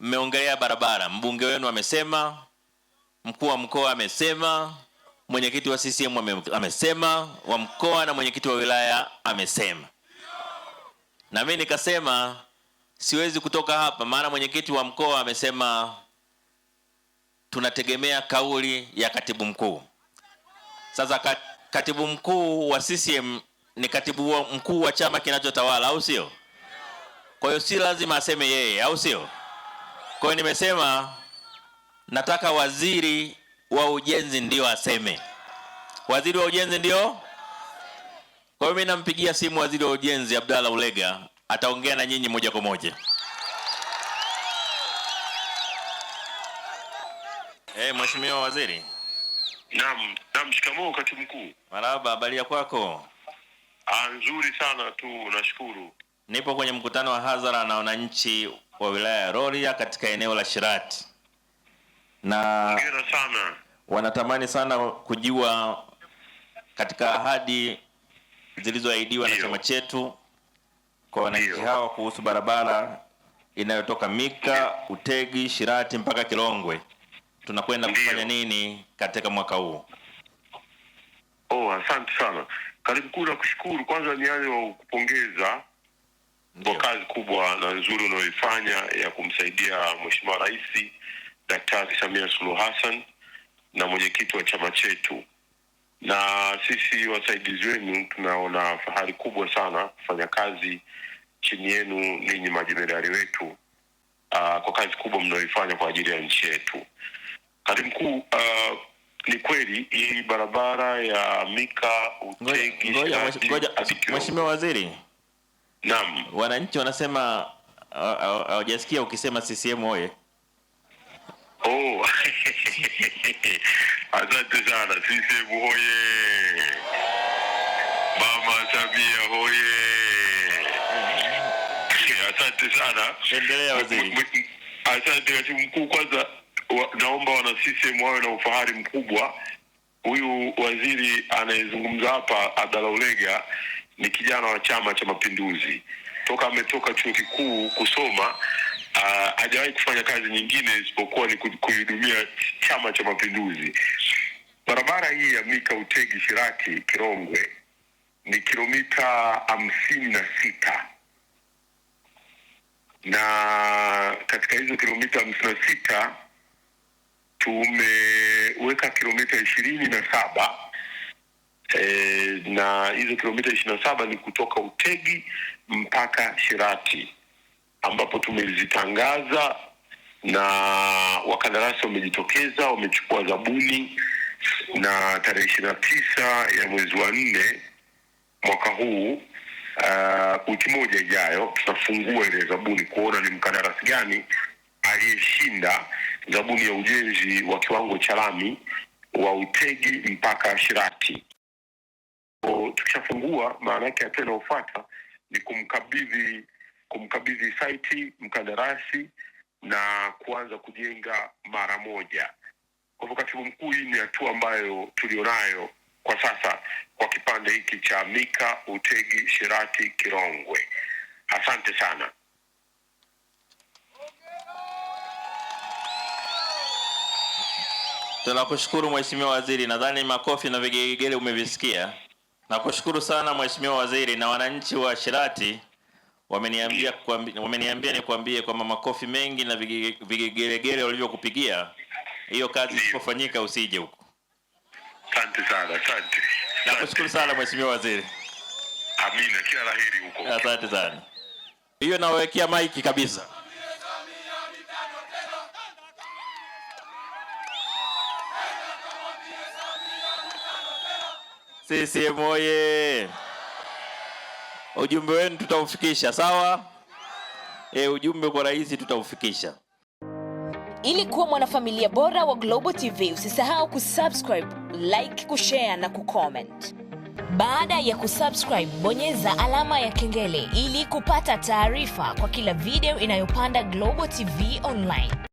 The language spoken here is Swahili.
mmeongelea barabara, mbunge wenu amesema, mkuu wa mkoa amesema, mwenyekiti wa CCM amesema, wa mkoa na mwenyekiti wa wilaya amesema, na mimi nikasema siwezi kutoka hapa, maana mwenyekiti wa mkoa amesema tunategemea kauli ya katibu mkuu. Sasa katibu mkuu wa CCM ni katibu mkuu wa chama kinachotawala, au sio? Kwa hiyo si lazima aseme yeye, au sio? Kwa hiyo nimesema nataka waziri wa ujenzi ndio aseme, waziri wa ujenzi ndio. Kwa hiyo mimi nampigia simu waziri wa ujenzi Abdalla Ulega, ataongea na nyinyi moja kwa moja. Hey, eh, mheshimiwa waziri. Naam, naam, shikamoo katibu mkuu. Marhaba, habari ya kwako? Ah, nzuri sana tu, nashukuru. Nipo kwenye mkutano wa hadhara na wananchi wa wilaya ya Rorya katika eneo la Shirati na sana. Wanatamani sana kujua katika ahadi zilizoahidiwa na chama chetu kwa wananchi hawa kuhusu barabara inayotoka Mika, Utegi, Shirati mpaka Kilongwe tunakwenda kufanya nini katika mwaka huu? Oh, asante sana. Karibu kuna kushukuru kwanza, nianze wa kupongeza kwa kazi kubwa na nzuri unayoifanya ya kumsaidia Mheshimiwa Rais Daktari Samia Suluhu Hassan na mwenyekiti wa chama chetu, na sisi wasaidizi wenu tunaona fahari kubwa sana kufanya kazi chini yenu ninyi majenerali wetu, uh, kwa kazi kubwa mnayoifanya kwa ajili ya nchi yetu. Katibu Mkuu, ah, ni kweli hii barabara ya Mika Utegi, Mheshimiwa Waziri Naam. Wananchi wanasema hawajasikia ukisema CCM oye. Oh. Asante sana CCM oye, Mama Samia oye. Asante sana. Endelea waziri. Asante katibu mkuu, kwanza naomba wana CCM wawe na ufahari mkubwa, huyu waziri anayezungumza hapa Abdalla Ulega ni kijana wa Chama cha Mapinduzi toka ametoka chuo kikuu kusoma ah, hajawahi kufanya kazi nyingine isipokuwa ni kuihudumia Chama cha Mapinduzi. Barabara hii ya Mika Utegi shiraki Kirongwe ni kilomita hamsini na sita na katika hizo kilomita hamsini na sita tumeweka kilomita ishirini na saba e, na hizo kilomita ishirini na saba ni kutoka Utegi mpaka Shirati ambapo tumezitangaza na wakandarasi wamejitokeza, wamechukua zabuni na tarehe ishirini na tisa ya mwezi wa nne mwaka huu e, wiki uh, moja ijayo tutafungua ile zabuni kuona ni mkandarasi gani aliyeshinda zabuni ya ujenzi wa kiwango cha lami wa Utegi mpaka Shirati tukishafungua, maana yake hatua inayofuata ni kumkabidhi kumkabidhi saiti mkandarasi na kuanza kujenga mara moja. Kwa hivyo, katibu mkuu, hii ni hatua ambayo tulionayo kwa sasa kwa kipande hiki cha Mika, Utegi, Shirati, Kirongwe. Asante sana. Tunakushukuru mweshimiwa Waziri, nadhani makofi na vigelegele umevisikia. Nakushukuru sana Mheshimiwa Waziri, na wananchi wa Shirati wameniambia wameniambia nikwambie kwamba makofi mengi na vigelegele walivyokupigia, hiyo kazi isipofanyika usije huko. Asante sana, asante. Nakushukuru sana Mheshimiwa Waziri. Amina, kila la heri huko. Asante sana. Hiyo nawekea maiki kabisa. CCM oye! Ujumbe wenu tutaufikisha, sawa e, ujumbe kwa rais tutaufikisha. Ili kuwa mwanafamilia bora wa Global TV, usisahau kusubscribe, like, kushare na kucomment. Baada ya kusubscribe, bonyeza alama ya kengele ili kupata taarifa kwa kila video inayopanda Global TV Online.